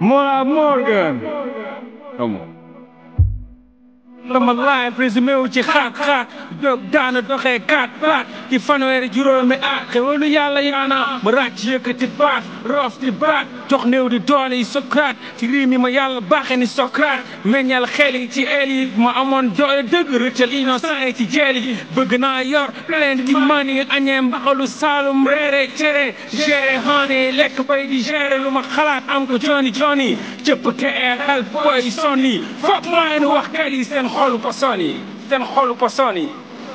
Morgan. Come on. dama laay présumé wu ci xaat xaat jóg daana doxee kaat baat ci fanweeri juróomi aat xewalu yàlla yaana ma ràcc yëkkati baat roof di baat jox néew di doole yi Socrate ci riim yi ma yàlla baaxe ni Socrate meññal xel ci el ma amoon doole dëgg rëccal innocent yi ci jeel bëgg naa yor leen di mani añee mbaxalu saalum reere cere géré xaani lekk bay di géré lu ma xalaat am ko jooni jooni cëpp KRL booy sonni fop maa nu waxkat yi seen xolu ko sonni seen xolu ko sonni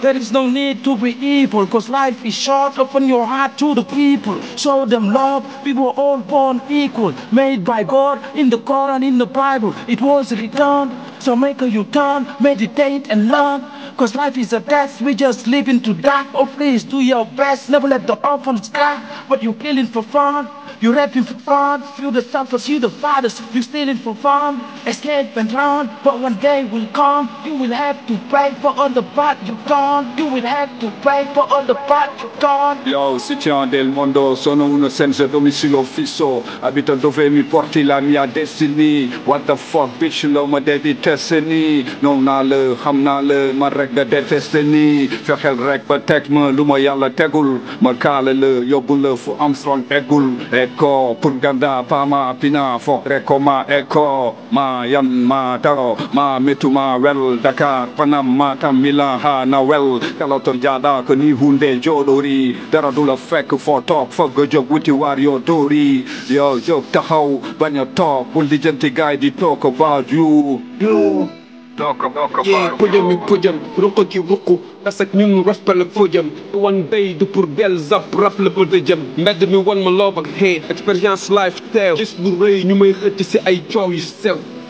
There is no need to be evil, cause life is short. Open your heart to the people. Show them love. We were all born equal, made by God in the Quran, in the Bible. It was returned. So make a U-turn, meditate and learn. Cause life is a test, we just living to die. Oh please, do your best, never let the orphans die. But you killing for fun. You rapping for fun, feel the sun, pursue the fathers. You stealing for fun, escape and run. But one day will come, you will have to pay for all the bad you've done. You will have to pay for all the bad you've done. Yo, sitiano del mondo, sono uno senza domicilio fisso. Abito dove mi porti la mia destiny. What the fuck, bitch, lo ma devi destiny. Non nale, ham nale, ma regga de destiny. Fechel rek betek me, luma jalla tegul. ma kale le, jobbele fu Armstrong egul ecco purganda pama pina fo reko ma eko ma yan ma taro ma metuma well dakar panam ma tamila ha na well kaloton jada ko hunde jodori daradula fek fo top fo gojog wuti wario dori yo jog tahaw banya top bundi jenti guy di talk about you you yee ku jëmi ku jëm ruq ki ruq tasak ñun rafpa la foo jëm wan day du pour del zap raf la bëgg a jëm mbedd mi wan ma loob ak xeet life teew gis bu rëy ñu may xëcc si ay coow yu sew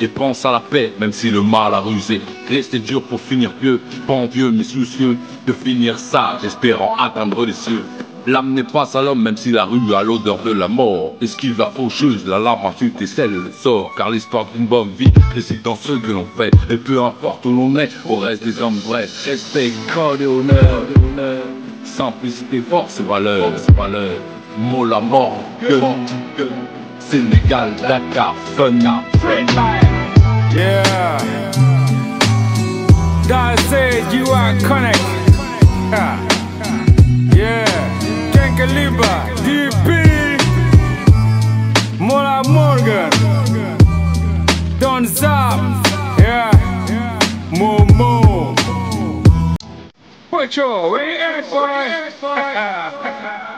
et pense à la paix, même si le mal a rusé. Rester dur pour finir pieux, vieux mais soucieux de finir sage, espérant atteindre les cieux. L'âme n'est pas à même si la rue a l'odeur de la mort. Esquive la faucheuse, la larme ensuite et celle le sort. Car l'histoire d'une bonne vie réside dans ce que l'on fait. Et peu importe où l'on est, au reste des hommes vrais. Respect, corps et honneur. Simplicité, force et valeur. Force, valeur. Mot la mort. Sénégal, Dakar, Kona, Yeah. God said you are connect. Yeah. yeah. Kenkaliba, DP, Mola Morgan, Don't stop. yeah, Momo. Put your way in, boy.